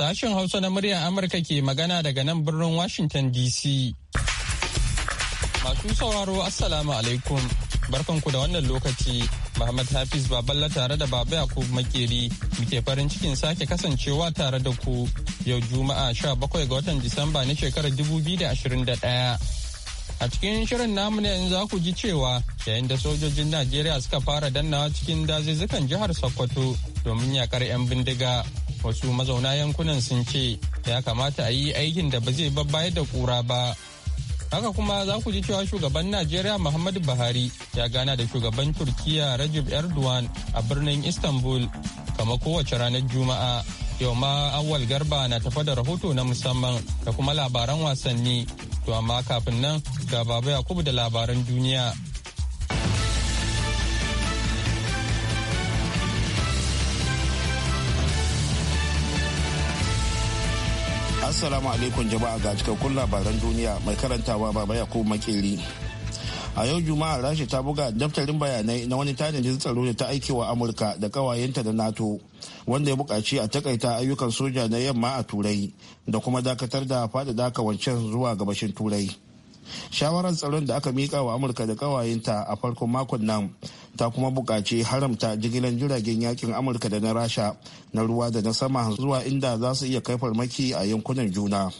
Sashen Hausa na muryar Amurka ke magana daga nan birnin Washington DC. Masu sauraro Assalamu alaikum. Barkanku da wannan lokaci, Muhammad Hafiz Baballa tare da Baba Yakub Makeri muke farin cikin sake kasancewa tare da ku yau Juma'a 17 ga watan Disamba na shekarar 2021. A cikin shirin namu ne in za ku ji cewa yayin da sojojin Najeriya suka fara dannawa cikin dazuzzukan jihar Sokoto domin yakar 'yan bindiga. wasu mazauna yankunan sun ce ya kamata a yi aikin da ba zai babbayar da kura ba haka kuma za ku ji cewa shugaban najeriya muhammadu buhari ya gana da shugaban turkiya rajib erdogan a birnin istanbul kama kowace ranar juma'a yau ma awal garba na tafa da rahoto na musamman da kuma labaran wasanni to amma kafin nan ga baba yakubu da labaran duniya Assalamu alaikum jama'a ga cikakkun labaran duniya mai karantawa baba ko Makeri. a yau juma'a rasha ta buga daftarin bayanai na wani tanadin tsaro da ta aike wa amurka da kawayenta da nato wanda ya buƙaci a takaita ayyukan soja na yamma a turai da kuma dakatar da faɗaɗa kawancen zuwa gabashin turai shawarar tsaron da aka mika wa amurka da kawayenta a farkon makon nan ta kuma buƙaci haramta jigilar jiragen yakin amurka da na rasha na ruwa da na sama zuwa inda za su iya kai farmaki a yankunan juna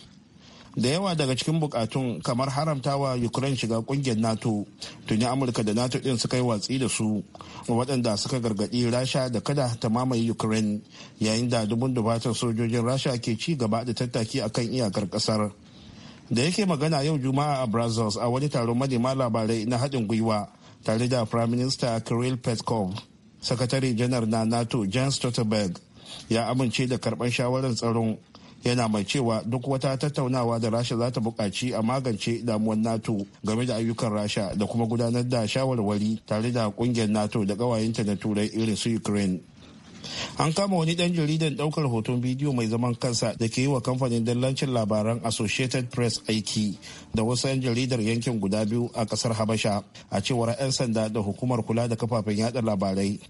da yawa daga cikin bukatun kamar haramtawa ukraine shiga kungiyar nato tuni amurka da nato din suka yi watsi da su waɗanda suka gargaɗi rasha da kada ta mamaye ukraine yayin da dubun dubatar sojojin rasha ke ci gaba da tattaki akan iyakar ƙasar da yake magana yau juma'a a brazils a wani taron manema labarai na haɗin gwiwa tare da prime minister kirill petkov sakatare janar na nato jens stoltenberg ya amince da karɓar shawarar tsaron yana mai cewa duk wata tattaunawa da rasha za ta buƙaci a magance damuwar nato game da ayyukan rasha da kuma gudanar da shawarwari tare da ƙungiyar nato da ƙawayenta na turai irin su ukraine an kama wani dan jaridan daukar hoton bidiyo mai zaman kansa da ke yi wa kamfanin dallancin labaran associated press aiki da wasu 'yan jaridar yankin guda biyu a kasar habasha a cewar 'yan sanda da hukumar kula da kafafen yada labarai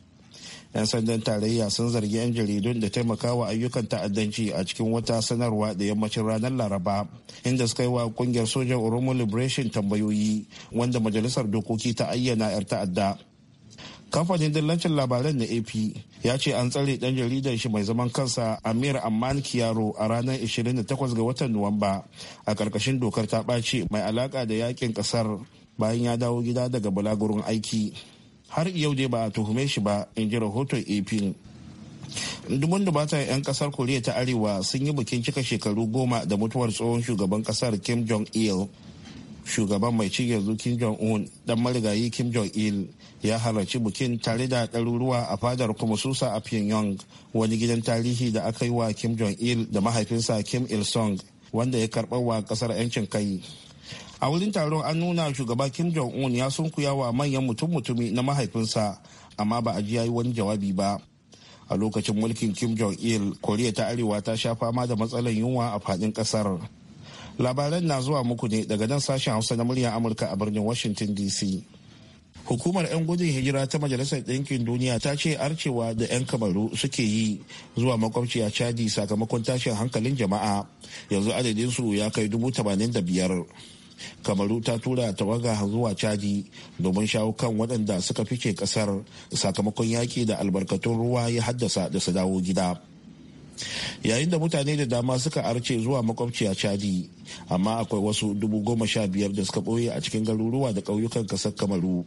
'yan sandan tarayya sun zargi 'yan jaridun da taimakawa ayyukan ta'addanci a cikin wata sanarwa da yammacin ranar laraba inda suka yi wa kungiyar sojan oromo liberation tambayoyi wanda majalisar dokoki ta ayyana 'yar ta'adda kamfanin dillancin labaran na ap ya ce an tsare dan jaridar shi mai zaman kansa amir amman kiyaro a ranar 28 ga watan nuwamba a karkashin dokar ta ɓace mai alaka da yakin kasar bayan ya dawo gida daga balagurin aiki har yau dai ba a tuhume shi ba in ji rahoton ap dubun dubata 'yan kasar koriya ta arewa sun yi bikin cika shekaru goma da mutuwar tsohon shugaban kasar kim jong il shugaban mai ci yanzu kim jong un dan marigayi kim jong il ya halarci bikin tare da ɗaruruwa a fadar kuma susa a pyongyang wani gidan tarihi da aka yi wa kim jong-il da mahaifinsa kim il-sung wanda ya karɓar wa ƙasar 'yancin kai a wurin taron an nuna shugaba kim jong-un ya sunkuya wa manyan mutum-mutumi na mahaifinsa amma ba a ji ya yi wani jawabi ba a lokacin mulkin kim jong-il koriya ta arewa ta sha fama da matsalar yunwa a faɗin ƙasar labaran na zuwa muku ne daga nan sashen hausa na muryar amurka a birnin washington dc hukumar 'yan gudun hijira ta majalisar ɗinkin duniya ta ce arcewa da 'yan kamaru suke yi zuwa makwabciya chadi sakamakon tashin hankalin jama'a yanzu adadin su ya kai dubu tamanin da biyar kamaru ta tura tawaga zuwa chadi domin shawo kan waɗanda suka fice kasar sakamakon yaƙi da albarkatun ruwa ya haddasa da su dawo gida yayin da mutane da dama suka arce zuwa makwabciya chadi amma akwai wasu dubu goma sha biyar da suka ɓoye a cikin garuruwa da ƙauyukan ƙasar kamaru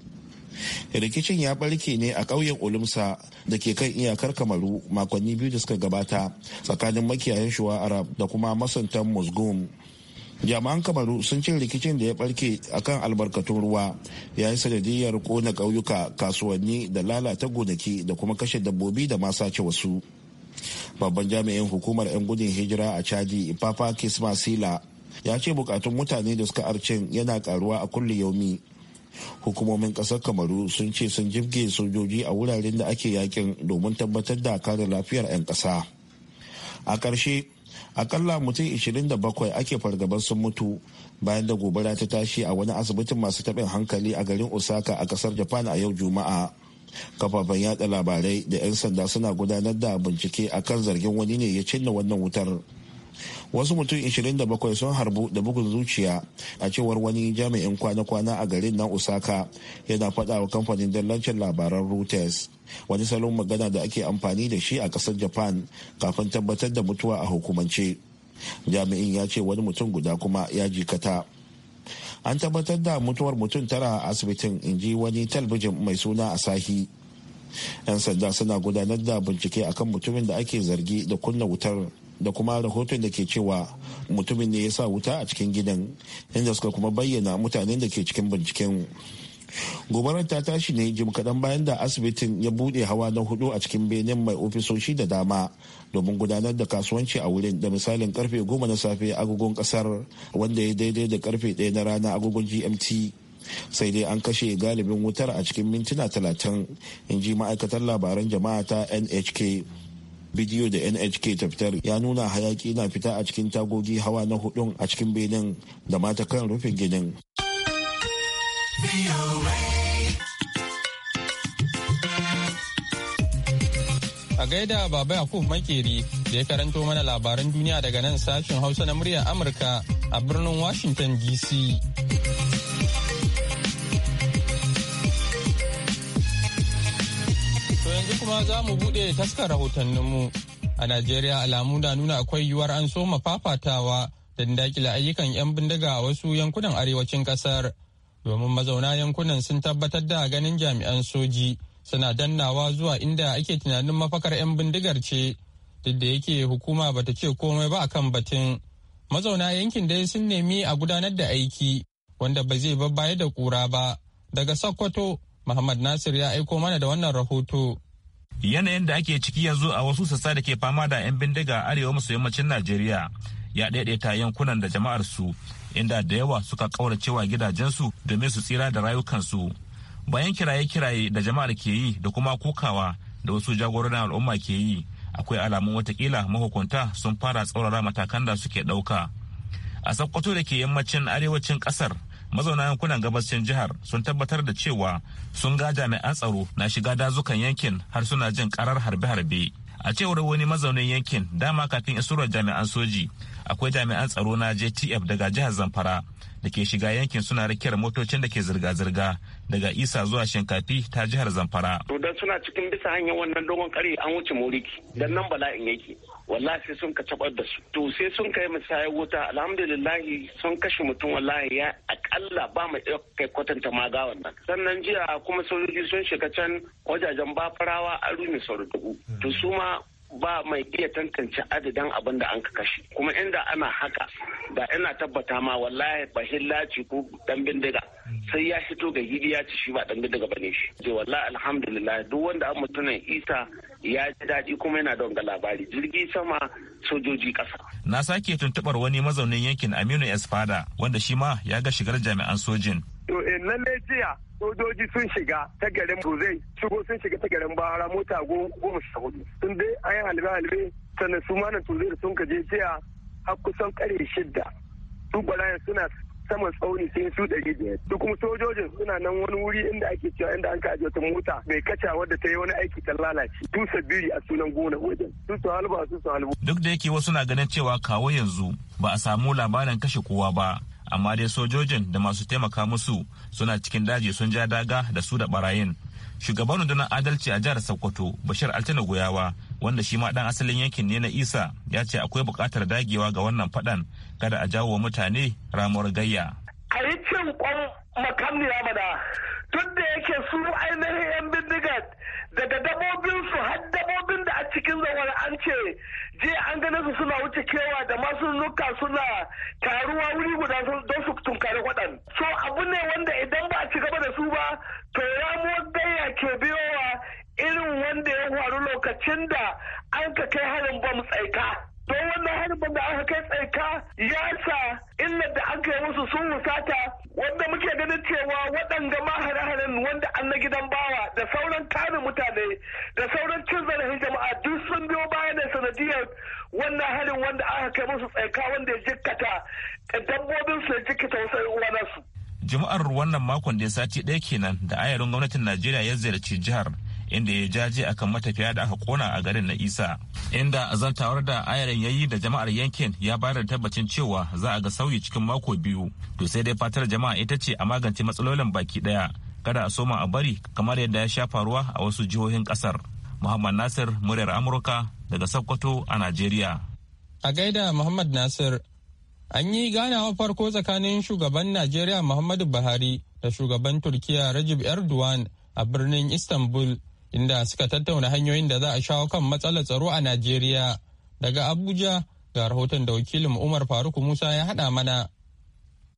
rikicin ya barke ne a ƙauyen olumsa da ke kan iyakar kamaru makonni biyu da suka gabata tsakanin makiyayan shuwa da kuma masuntan musgum jami'an kamaru sun ce rikicin da ya barke kan albarkatun ruwa ya yi sanadiyar kona ƙauyuka kasuwanni da lalata gonaki da kuma kashe dabbobi da ma sace wasu babban jami'in hukumar 'yan gudun hijira a chadi papa kismasila ya ce bukatun mutane da suka arcin yana karuwa a kulle yaumi hukumomin kasar kamaru sun ce sun jibge sojoji a wuraren da ake yakin domin tabbatar da kare lafiyar 'yan ƙasa a ƙarshe akalla mutum 27 ake fargabar sun mutu bayan da gobara ta tashi a wani asibitin masu taɓin hankali a garin osaka a ƙasar japan a yau juma'a kafafen yada labarai da 'yan sanda suna gudanar da bincike akan zargin wani ne ya cinna wannan wutar wasu mutum 27 sun harbu da bugun zuciya a cewar wani jami'in kwana-kwana a garin na osaka yana faɗa wa kamfanin dallancin labaran reuters wani salon magana da ake amfani da shi a kasar japan kafin tabbatar da mutuwa a hukumance jami'in ya ce wani mutum guda kuma ya jikata an tabbatar da mutuwar mutum tara a asibitin in ji wani talbijin mai suna asahi 'yan sanda suna gudanar da bincike akan mutumin da ake zargi da kunna wutar da kuma rahoton da ke cewa mutumin ne ya sa wuta a cikin gidan inda suka kuma bayyana mutanen da ke cikin binciken gobarar ta tashi ne jim kaɗan bayan da asibitin ya buɗe hawa na hudu a cikin benin mai ofisoshi da dama domin gudanar da kasuwanci a wurin da misalin karfe goma na safe agogon kasar wanda ya daidai da karfe ɗaya na rana agogon gmt sai dai an kashe galibin wutar a cikin mintuna talatin in ji ma'aikatar labaran jama'a ta nhk bidiyo da nhk ta fitar ya nuna hayaki na fita a cikin tagogi hawa na hudun a cikin benin da mata kan rufin ginin a gaida baba yakub makeri da ya karanto mana labaran duniya daga nan sashen hausa na muryar amurka a birnin washington dc kuma za mu buɗe taskar rahotanninmu. A Najeriya alamu na nuna akwai yiwuwar an soma fafatawa da dakila ayyukan 'yan bindiga a wasu yankunan arewacin kasar. Domin mazauna yankunan sun tabbatar da ganin jami'an soji suna dannawa zuwa inda ake tunanin mafakar 'yan bindigar ce. Duk da yake hukuma bata ce komai ba akan batun. Mazauna yankin dai sun nemi a gudanar da aiki wanda ba zai baya da ƙura ba. Daga Sokoto, Muhammad Nasir ya aiko mana da wannan rahoto. Yanayin da ake ciki yanzu a wasu sassa da ke fama da 'yan bindiga arewa maso yammacin Najeriya ya daidaita yankunan da jama'ar su inda da yawa suka kauracewa gidajensu domin su tsira da rayukansu. Bayan kiraye-kiraye da jama'ar ke yi da kuma kokawa da wasu jagororin al'umma ke yi akwai alamun watakila mahukunta sun fara tsaurara matakan da suke ɗauka. A Sokoto da ke yammacin arewacin ƙasar mazauna yankunan gabashin jihar sun tabbatar da cewa sun ga jami'an tsaro na shiga dazukan yankin har suna jin karar harbe-harbe a cewar wani mazaunin yankin dama kafin isurar jami'an soji akwai jami'an tsaro na jtf daga jihar zamfara da ke shiga yankin suna rikiyar motocin da ke zirga-zirga daga isa zuwa shinkafi ta jihar zamfara to don suna cikin bisa hanyar wannan dogon kare an wuce moriki don nan bala'in yake wallahi sai sun ka tabar da su to sai sun kai misayar wuta alhamdulillahi sun kashe mutum wallahi ya akalla ba mu iya kai kwatanta ma ga wannan sannan jiya kuma sojoji sun shiga can wajajen bafarawa an rume sau dubu to su ma ba mai iya tantance adadin abin da an ka kashe kuma inda ana haka da ina tabbata ma wallahi hillaci ko dan bindiga sai ya fito ga gidi ya ci shi ba dan bindiga bane shi je wallahi alhamdulillah duk wanda an mutunan isa ya ji daɗi kuma yana don ga labari jirgi sama sojoji ƙasa. na sake tuntubar wani mazaunin yankin aminu espada wanda shi ma ya ga shigar jami'an sojin Eh, lallai jiya sojoji sun shiga ta garin zai shigo sun shiga ta garin Bahara mota goma sha hudu sun dai an yi halbe halbe sannan su ma nan Tuzai sun kaje jiya har kusan kare shidda su barayin suna saman tsauni sai su ɗari biyar su kuma sojojin suna nan wani wuri inda ake cewa inda an kaji wata mota mai kaca wadda ta yi wani aiki ta lalace su biri a sunan gona wajen su su halba su su halbu. duk da yake wasu na ganin cewa kawo yanzu ba a samu labarin kashe kowa ba amma dai sojojin da masu taimaka musu suna cikin daji sun ja daga da su da barayin shugaban rundunar adalci a jihar sokoto bashir altina goyawa wanda shi ma dan asalin yankin ne na isa ya ce akwai bukatar dagewa ga wannan faɗan kada a jawo mutane ramuwar gayya a yi cin kwan makamniya tun da yake su ainihin yan bindiga daga dabobinsu har dabobin cikin zawar an ce je an gane su suna wuce kewa da masu nuka suna taruwa wuri guda don su tunkari waɗan. So abu ne wanda idan ba a ci gaba da su ba to ramuwar gayya ke biyowa irin wanda ya faru lokacin da an ka kai harin bom tsaika. to wannan harbin da aka kai tsaika ya sa illar da aka yi musu sun wusata wanda muke ganin cewa waɗanda ma hare wanda an na gidan bawa da sauran tarin mutane da sauran cin zarafin jama'a duk sun biyo baya da sanadiyar wannan harin wanda aka kai musu tsaika wanda ya jikkata dabbobin su ya jikkata wasu uwanansu. jama'ar wannan makon da ya sati ɗaya kenan da ayarin gwamnatin najeriya ya ziyarci jihar inda ya jaje akan matafiya da aka kona a garin na isa inda azantawar da ayarin yayi da jama'ar yankin ya bayar da tabbacin cewa za a ga sauyi cikin mako biyu to sai dai fatar jama'a ita ce a magance matsalolin baki daya kada a soma a bari kamar yadda ya sha faruwa a wasu jihohin kasar muhammad nasir muryar amurka daga sokoto a najeriya a gaida muhammad nasir an yi ganawa farko tsakanin shugaban najeriya muhammadu buhari da shugaban turkiya rajib erdogan a birnin istanbul inda suka tattauna hanyoyin da za a shawo kan matsalar tsaro a Najeriya. Daga Abuja ga rahoton da wakilin Umar Faruk Musa ya haɗa mana.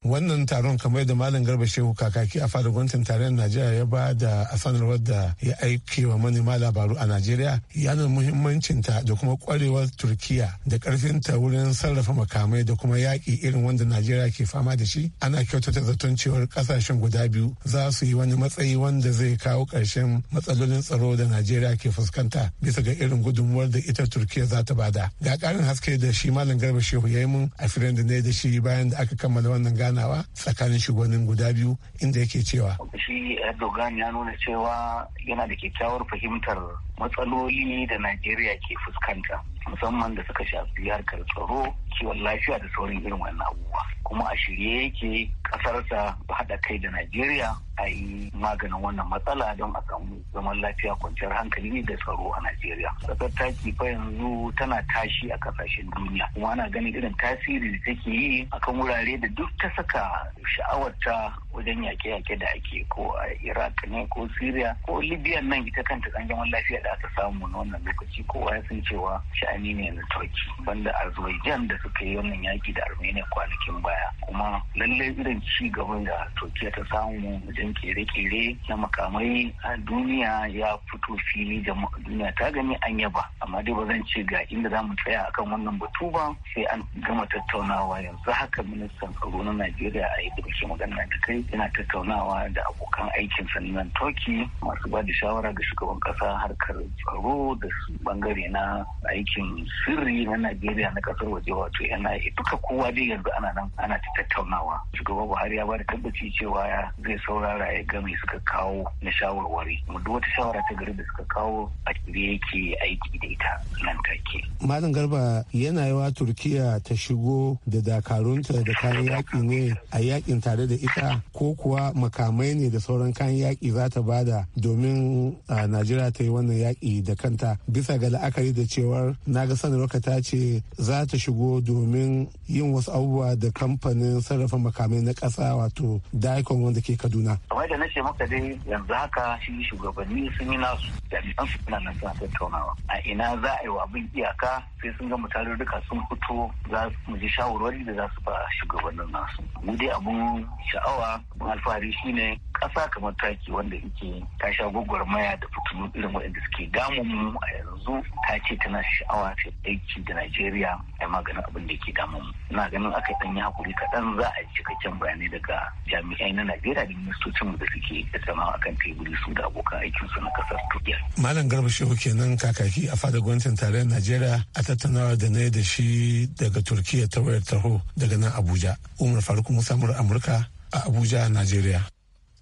wannan taron kamar da malam garba shehu kakaki a fadar gwamnatin tarayyar najeriya ya ba da a sanarwar da ya aike wa manema labaru a najeriya ya nuna muhimmancinta da kuma kwarewar turkiya da karfinta wurin sarrafa makamai da kuma yaƙi irin wanda najeriya ke fama da shi ana kyautata zaton cewar kasashen guda biyu za su yi wani matsayi wanda zai kawo ƙarshen matsalolin tsaro da najeriya ke fuskanta bisa ga irin gudunmuwar da ita turkiya za ta bada ga ƙarin haske da shi malam garba shehu ya yi mun a firin da ne da shi bayan da aka kammala wannan gana ganawa tsakanin shugabannin guda biyu inda yake cewa shi Erdogan ya nuna cewa yana da kyakkyawar fahimtar matsaloli da Najeriya ke fuskanta musamman da suka shafi harkar tsaro kiwon lafiya da sauran irin wannan abubuwa kuma a shirye yake kasarsa ba haɗa kai da najeriya a yi maganin wannan matsala don a samu zaman lafiya kwanciyar hankali ne da tsaro a najeriya ƙasar taki fa yanzu tana tashi a ƙasashen duniya kuma ana ganin irin tasiri da take yi akan wurare da duk ta saka sha'awarta wajen yaƙe-yaƙe da ake ko a iraq ne ko syria ko libya nan ita kanta kan zaman lafiya da aka samu na wannan lokaci kowa ya san cewa sha'ani ne na turki banda azerbaijan da suka yi wannan yaƙi da armenia kwanakin baya kuma lallai irin ci gaban da turkiya ta samu wajen kere-kere na makamai a duniya ya fito fili duniya ta gani an yaba amma dai ba zan ce ga inda za mu tsaya akan wannan batu ba sai an gama tattaunawa yanzu haka ministan tsaro na najeriya a yi da magana da kai yana tattaunawa da abokan aikin sannan toki masu ba da shawara ga shugaban kasa harkar tsaro da bangare na aikin sirri na najeriya na kasar waje wato yi duka kowa dai yanzu ana nan ana ta tattaunawa shugaban buhari ya ba da tabbaci cewa zai saurara ya ga me suka kawo na shawarwari mu duk wata shawara ta gari da suka kawo a shirye yake aiki da ita nan take malam garba yana yawa turkiya ta shigo da dakarunta da kayan yaƙi ne a yaƙin tare da ita ko kuwa makamai ne da sauran kayan yaƙi za ta bada domin a najeriya ta yi wannan yaƙi da kanta bisa ga la'akari da cewar na ga sanarwa ta ce za ta shigo domin yin wasu abubuwa da kamfanin sarrafa makamai na ƙasa wato daikon wanda ke kaduna kamar da na ce maka dai yanzu haka shi shugabanni sun yi nasu jami'an su suna nan suna tattaunawa a ina za a yi wa abin iyaka sai sun gama duka sun fito za mu ji shawarwari da za su ba shugabannin nasu mu dai abun sha'awa abin alfahari shine kasa kamar taki wanda yake ta sha maya da fitilu irin waɗanda suke damun mu a yanzu ta ce tana sha'awa ta aiki da Najeriya a maganin abin da yake damun mu. Ina ganin aka ɗan yi hakuri kaɗan za a yi cikakken bayanai daga jami'ai na Najeriya da ministocin mu da suke da tsama a kan teburi su da abokan aikin su na kasar Turkiya. Malam Garba Shehu kenan kakaki a fadar gwamnatin tarayyar Najeriya a tattaunawa da na da shi daga Turkiya ta wayar taho daga nan Abuja. Umar Faruk Musa Amurka a Abuja, Najeriya.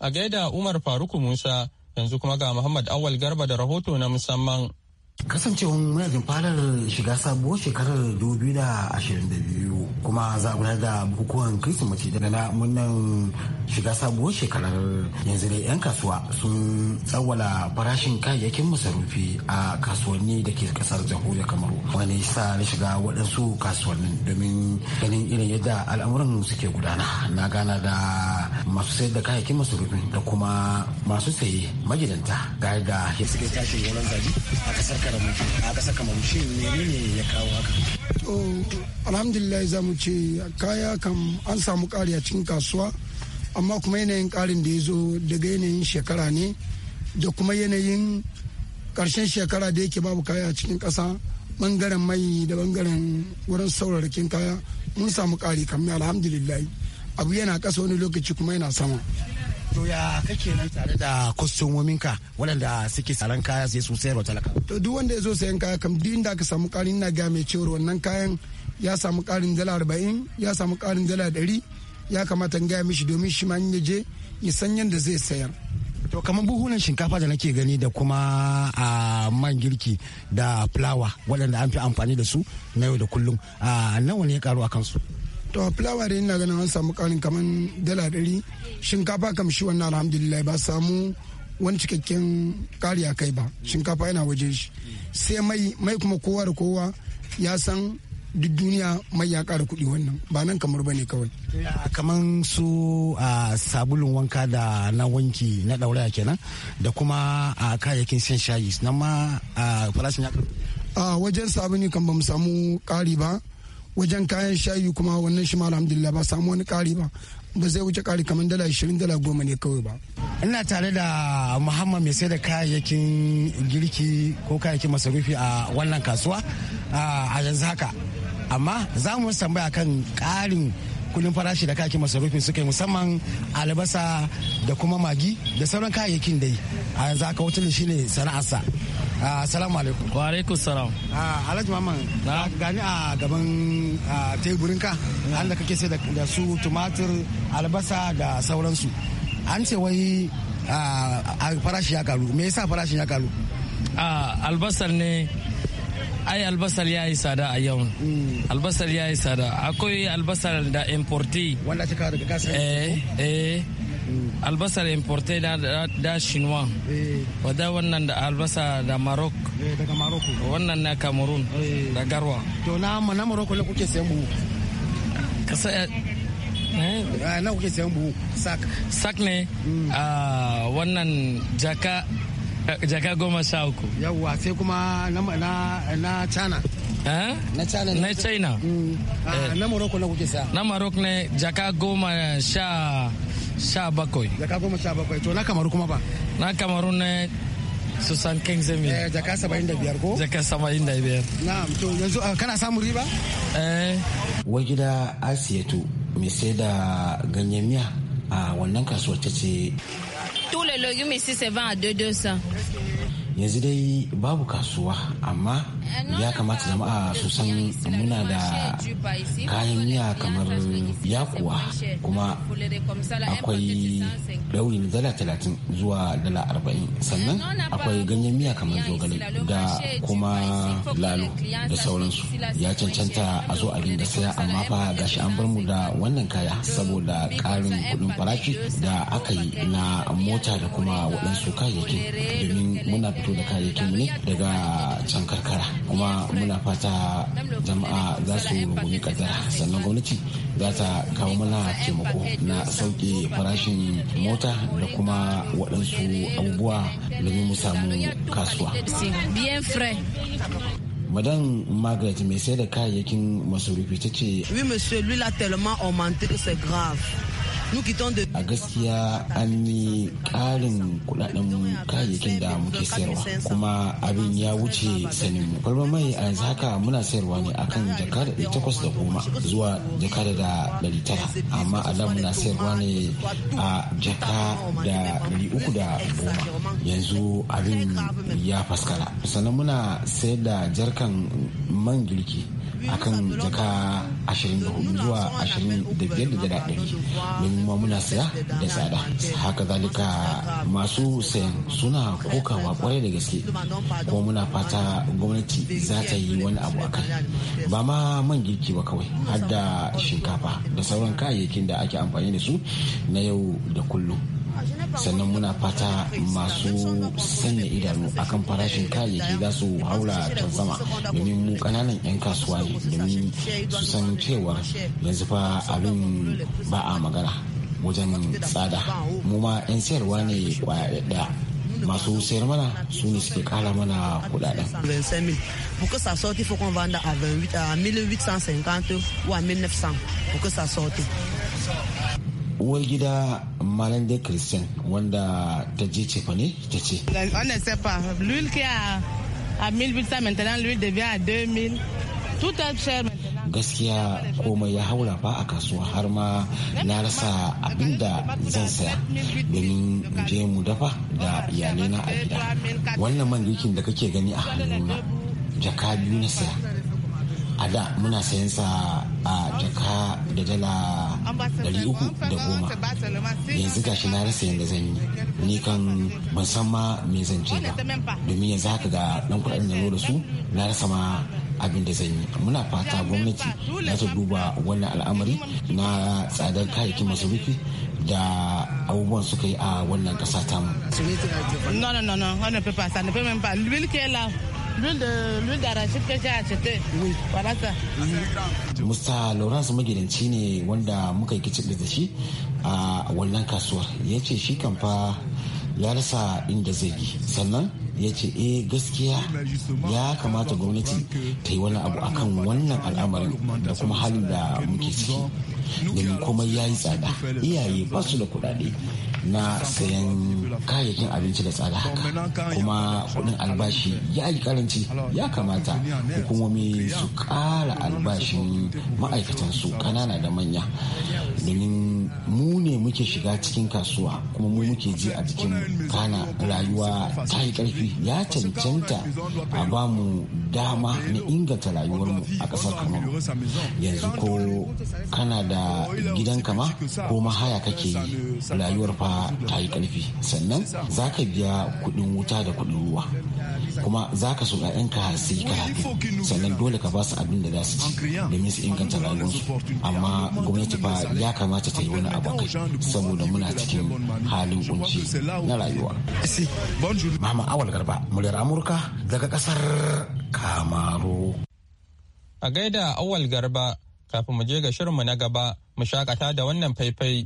A gaida Umar Faruku Musa yanzu kuma ga Muhammad Awal Garba da rahoto na musamman. kasancewar muna falar shiga sabuwar shekarar 2022 kuma za a gudanar da bukukuwan kirsimaci daga na munnan shiga sabuwar shekarar yanzu dai 'yan kasuwa sun tsawala farashin kayayyakin masarufi a kasuwanni da ke kasar jamhuriyar kamaru wani sa na shiga waɗansu kasuwanni domin ganin irin yadda al'amuran suke gudana na gana da masu sayar da kayayyakin masarufi da kuma masu saye magidanta ga yadda suke tashin gonan zabi a kasar karamu a to alhamdulillah za mu ce kaya kam an samu ƙari a cikin kasuwa amma kuma yanayin ƙarin da ya zo daga yanayin shekara ne da kuma yanayin ƙarshen shekara da yake babu kaya a cikin ƙasa bangaren mai da bangaren wurin saurarakin kaya mun samu ƙari kamar alhamdulillah abu yana ƙasa wani lokaci kuma yana sama ya kake nan tare da ka waɗanda suke saran kaya sai su sayarwa talaka? To duk wanda ya zo sayan kaya kam duk inda aka samu ƙarin na ga mai cewar wannan kayan ya samu ƙarin dala arba'in ya samu ƙarin dala ɗari ya kamata in gaya mishi domin shi ma ya je ya san yadda zai sayar. To kamar buhunan shinkafa da nake gani da kuma a man girki da fulawa waɗanda an fi amfani da su na yau da kullum a nawa ne ya karu a kansu? to fulawa da ina ganin an samu karin kamar dala ɗari shinkafa kam shi wannan alhamdulillah ba samu wani cikakken kari a kai ba shinkafa yana waje shi sai mai mai kuma kowa da kowa ya san duk duniya mai ya kara kuɗi wannan ba nan kamar ba ne kawai kamar su a sabulun wanka da na wanki na ɗauraya kenan da kuma a kayayyakin shan shayi nan ma a farashin ya a wajen sabuni kan ba mu samu ƙari ba wajen kayan shayi kuma wannan shi ma alhamdulillah ba samu wani ƙari ba ba zai wuce kari kamar dala 20 dala goma ne kawai ba ina tare da muhammad mai sai da kayayyakin girki ko kayayyakin masarufi a wannan kasuwa a yanzu haka amma za mu tambaya kan ƙarin kullum farashi da kayakin masarufin suka yi musamman albasa da kuma magi da sauran kayayyakin dai a yanzu haka shi ne sana'arsa assalamu alaikum wa alaikum salam alhaji maman gani a gaban teburin ka an da kake sai da su tumatir albasa da sauransu an ce wai a farashi ya karu me yasa farashin ya karu albasar ne ai albasar ya yi sada a yau mm. albasar ya yi sada akwai albasar da importe wanda ta daga kasar eh eh mm. albasar importe da da shinwa eh. wadda wannan da albasa da marok eh, daga maroko wannan na cameroon eh. da garwa to na na Marok ne kuke sayan buhu kasa ah, na kuke sayan buhu sak sak ne mm. A ah, wannan jaka jaka goma sha uku yawwa sai kuma na china na china na china mm. ah, eh. na morocco na kuke sa na morocco ne jaka goma sha sha bakwai jaka goma sha bakwai to na kamaru kuma ba na kamaru ne susan king zemi eh jaka saba'in da biyar ko jaka saba'in da biyar na'am to yanzu ah, kana samun riba eh wajida asiyatu mai sai da ganyen miya a wannan kasuwar ta ce Tous les légumes ici, c'est 20 à 2, 200. yanzu dai babu kasuwa amma ya kamata jama'a su san muna da kayan miya kamar yakuwa kuma akwai dauyin dala talatin zuwa dala arba'in sannan akwai ganyen miya kamar zogale da kuma lalo da sauransu ya cancanta a zo a da saya amma fa gashi an bar mu da wannan kaya saboda karin kudin farashi da aka yi na mota da kuma waɗansu kayayyaki domin muna fito da kayayyakin mu ne daga can karkara kuma muna fata jama'a za su rungumi kadara sannan gwamnati za ta kawo mana taimako na sauke farashin mota da kuma waɗansu abubuwa domin mu samu kasuwa. madan margaret mai sai da kayayyakin masurufi ta ce oui monsieur lui la tellement augmenté c'est grave a gaskiya an yi ƙarin kuɗaɗen kayayyakin da muke sayarwa kuma abin ya wuce sanin mu kwalbar mai a yanzu haka muna sayarwa ne akan jaka da ɗari takwas da goma zuwa jaka da ɗari tara amma a da muna sayarwa ne a jaka da ɗari uku da goma yanzu abin ya faskara sannan muna sayar da jarkan man girki akan jaka 24 zuwa 25 da ɗari domin ma muna saya da tsada haka zalika masu sayan suna kokawa kwarai da gaske kuma muna fata gwamnati za ta yi wani abu a kai ba ma man girki ba kawai har da shinkafa da sauran kayayyakin da ake amfani da su na yau da kullum sannan muna fata masu sanya idanu akan farashin kayayyaki za su haura ta zama domin mu kananan 'yan kasuwa ne domin su san cewar yanzu fa abin ba a magana wajen tsada mu ma 'yan sayarwa ne kwaya masu sayar mana su ne suke kara mana kudaden. Pour que uwar gida malam de christian wanda ta je cefa ne ta ce gaskiya komai ya haura ba a kasuwa har ma na rasa abinda zan saya domin je mu dafa da iyalai a gida wannan man girkin da kake gani a hannuna jaka biyu na saya a da muna sayan sa a jaka da dala dari uku da goma yanzu shi na rasa yadda zan yi ni kan ban san ma me zan ce ba domin yanzu haka ga dan kuɗin da da su na rasa ma abin da zan yi muna fata gwamnati na ta duba wannan al'amari na tsadar kayayyakin masarufi da abubuwan suka yi a wannan ƙasa tamu. l'une de d'arachide que j'ai acheté oui voilà ça Musa magidanci ne wanda muka yi kicin da shi a wannan kasuwar ya ce shi kan fa ya rasa inda zai yi sannan ya ce eh gaskiya ya kamata gwamnati ta yi wani abu akan wannan al'amarin da kuma halin da muke ciki domin komai ya yi tsada iyaye ba su da kudade na sayan kayayyakin abinci da tsada haka kuma kuɗin albashi ya yi karanci ya kamata hukumomi su ƙara albashin ma'aikatansu ƙanana da manya domin mu ne muke shiga cikin kasuwa kuma mu muke ji a jikin kana rayuwa ta yi karfi ya cancanta a ba mu dama na inganta rayuwarmu a ƙasar kano yanzu ko kana da gidan kama ko mahaya kake yi rayuwar fa ta yi karfi sannan za ka biya kuɗin wuta da kuɗin ruwa kuma za ka so ka su yi karatu sannan dole ka ba su abin da za su ci domin su inganta rayuwarsu amma gwamnati fa ya kamata ta yi wani abu kai saboda muna cikin halin kunci na rayuwa. Mama Awal Garba, muryar Amurka daga kasar Kamaru. A gaida Awal Garba, kafin mu je ga shirinmu na gaba, mu shakata da wannan faifai.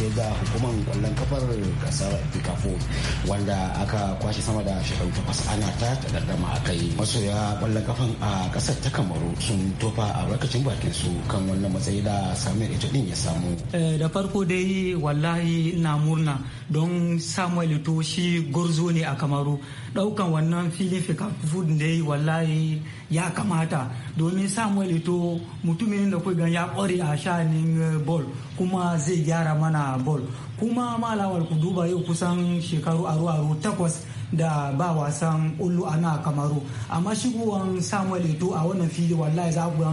ke ga hukumar kwallon kafar kasar fikafo wanda aka kwashe sama da shekaru takwas ana ta takaddama a kai masoya kwallon kafan a kasar ta kamaru sun tofa a rakacin bakin su kan wannan matsayi da samuel ito din ya samu eh, da farko dai wallahi na murna don samuel ito shi gurzo ne a kamaru ɗaukan wannan filin fudin da yi wallahi ya kamata domin samuel ito mutumin da kuwa ya kware a shanin eh, ball kuma zai gyara mana ball kuma malawar ku duba yau kusan shekaru aru-aru takwas da ba wasan ulu ana kamaru amma shigowan samuel eto a wannan fili wallahi za ku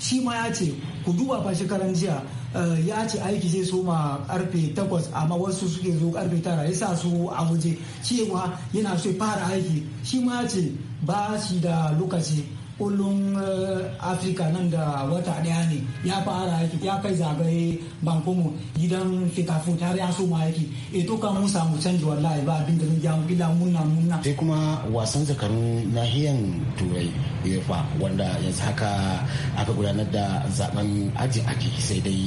shi ma ya ce ku duba fa shekaran jiya eh, ya ce aiki zai soma karfe 8 amma wasu suke zo karfe tara ya sa su a waje cewa yana so fara aiki shi ma ya ce ba shi da lokaci kullum eh, afirka nan da wata daya ne ya fara aiki ya kai zagaye bankomo gidan fita-fita ya so aiki e to kan mun samu canji wallahi ba abin da mun ja gida munna munna sai kuma wasan zakaru nahiyan turai uefa eh, wanda yanzu haka aka gudanar da zaben aji aji sai dai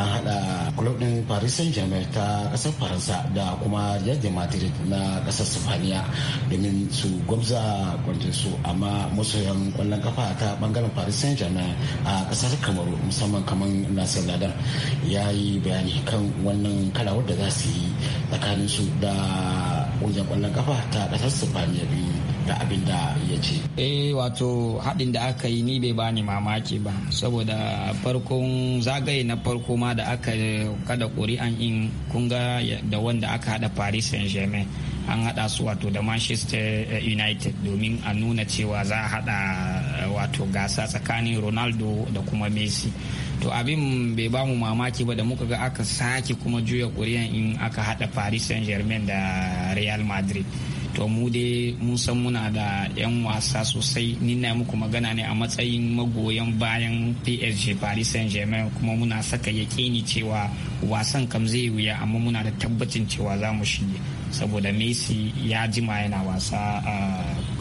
an hada club din paris saint germain ta kasar faransa da kuma yadda madrid na kasar spaniya domin su gwamza kwanjin su amma masoyan kwallon kafa ta bangaren paris saint germain a kasar kamaru musamman kamar nasir ladar ya yi bayani kan wannan karawar da za su yi tsakanin su da wajen kwallon kafa ta kasar sifaniya biyu da abin da ya ce eh wato haɗin da aka yi ni bai bani mamaki ba saboda farkon zagaye na farko ma da aka kada ƙuri'an in kunga da wanda aka haɗa paris saint germain an haɗa su wato da manchester eh, united domin a nuna cewa za a haɗa eh, wato gasa tsakanin ronaldo da kuma messi to abin bai ba mu mamaki ba da muka ga aka sake kuma juya kuriyan in aka haɗa paris saint germain da real madrid to mu dai mun san muna da 'yan wasa sosai ni na muku magana ne a matsayin magoyan bayan PSG Paris Saint-Germain kuma muna saka yakini cewa wasan kam zai wuya amma muna da tabbacin cewa za mu shige saboda Messi ya jima yana wasa a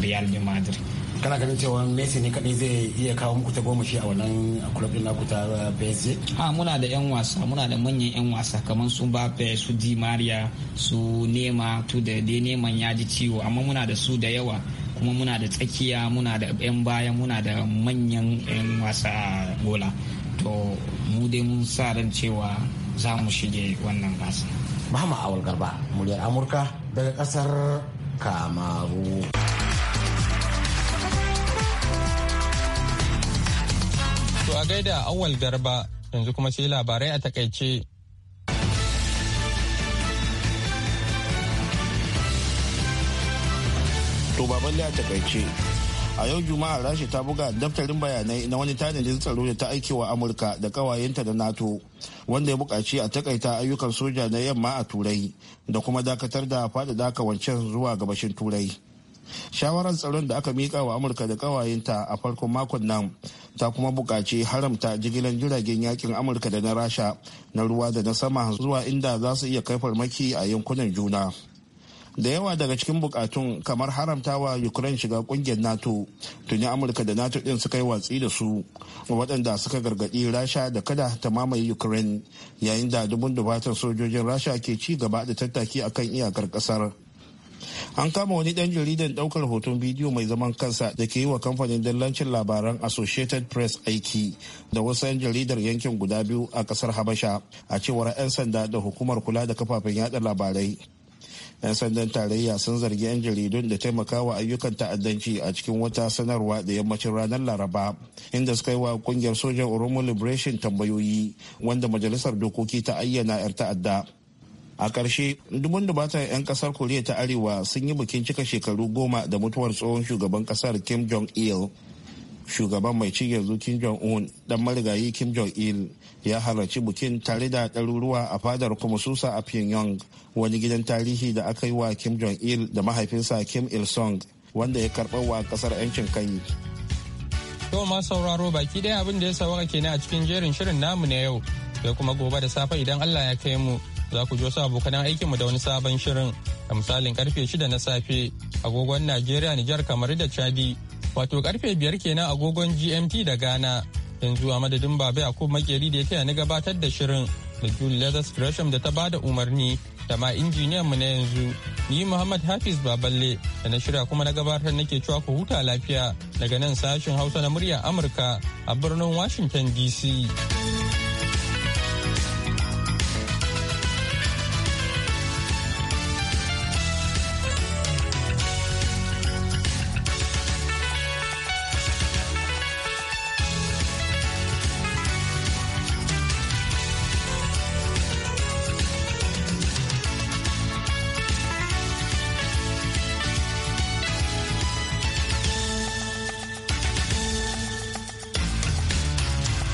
Real Madrid kana ganin cewa messi ne kadai zai iya kawo muku ta goma shi a wannan club din naku ta uh, psg ha ah, muna da yan wasa muna da manyan yan wasa kamar su mbappe su di maria su nema tudadai da dai neman ya ji ciwo amma muna da su da yawa kuma muna da tsakiya muna da 'yan baya muna da manyan 'yan wasa a gola to mu dai mun sa ran cewa za mu shige wannan gasa. muhammad Awal Garba, muryar Amurka daga kasar Kamaru. a gaida awal garba yanzu kuma sai labarai a takaice. To baban da takaice. A yau Juma'a rashi ta buga daftarin bayanai na wani tanadin tsaro da ta aike wa Amurka da kawayenta da NATO wanda ya buƙaci a takaita ayyukan soja na yamma a Turai da kuma dakatar da faɗaɗa kawancen zuwa gabashin Turai. shawarar tsaron da aka mika wa amurka da kawayenta a farkon makon nan ta kuma buƙaci haramta jigilar jiragen yakin amurka da na rasha na ruwa da na sama zuwa inda za su iya kai farmaki a yankunan juna da yawa daga cikin bukatun kamar haramtawa ukraine shiga kungiyar nato tuni amurka da nato din suka yi watsi da su waɗanda suka gargaɗi rasha da kada ta mamaye ukraine yayin da dubun dubatar sojojin rasha ke ci gaba da tattaki akan iyakar ƙasar an kama wani dan jaridan daukar hoton bidiyo mai zaman kansa da ke yi wa kamfanin dallancin labaran associated press aiki da wasu 'yan jaridar yankin guda biyu a kasar habasha a cewar 'yan sanda da hukumar kula da kafafen yada labarai 'yan sandan tarayya sun zargi 'yan jaridun da taimakawa ayyukan ta'addanci a cikin wata sanarwa da yammacin ranar laraba inda suka yi wa kungiyar sojan oromo liberation tambayoyi wanda majalisar dokoki ta ayyana 'yar ta'adda a ƙarshe dubun dubatan 'yan ƙasar koriya ta arewa sun yi bikin cika shekaru goma da mutuwar tsohon shugaban kasar kim jong il shugaban mai ci yanzu kim jong un dan marigayi kim jong il ya halarci bikin tare da ɗaruruwa a fadar kumususa a pyongyang wani gidan tarihi da aka yi wa kim jong il da mahaifinsa kim il sung wanda ya karɓa wa ƙasar 'yancin kai yau ma sauraro baki ɗaya abin da ya sawa kenan a cikin jerin shirin namu na yau sai kuma gobe da safe idan allah ya kai mu za ku ji wasu abokan aikinmu da wani sabon shirin da misalin karfe 6 na safe agogon Najeriya Nijar kamar da Chadi wato karfe 5 kenan agogon GMT da Ghana yanzu a madadin Baba Yakub Makeri da ya ta ni gabatar da shirin da Julius Gresham da ta ba da umarni da ma injiniyan mu na yanzu ni Muhammad Hafiz Baballe da na shirya kuma na gabatar nake cewa ku huta lafiya daga nan sashin Hausa na murya Amurka a birnin Washington DC.